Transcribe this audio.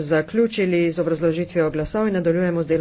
zaključili z obrazložitvijo glasov in nadaljujemo z delom.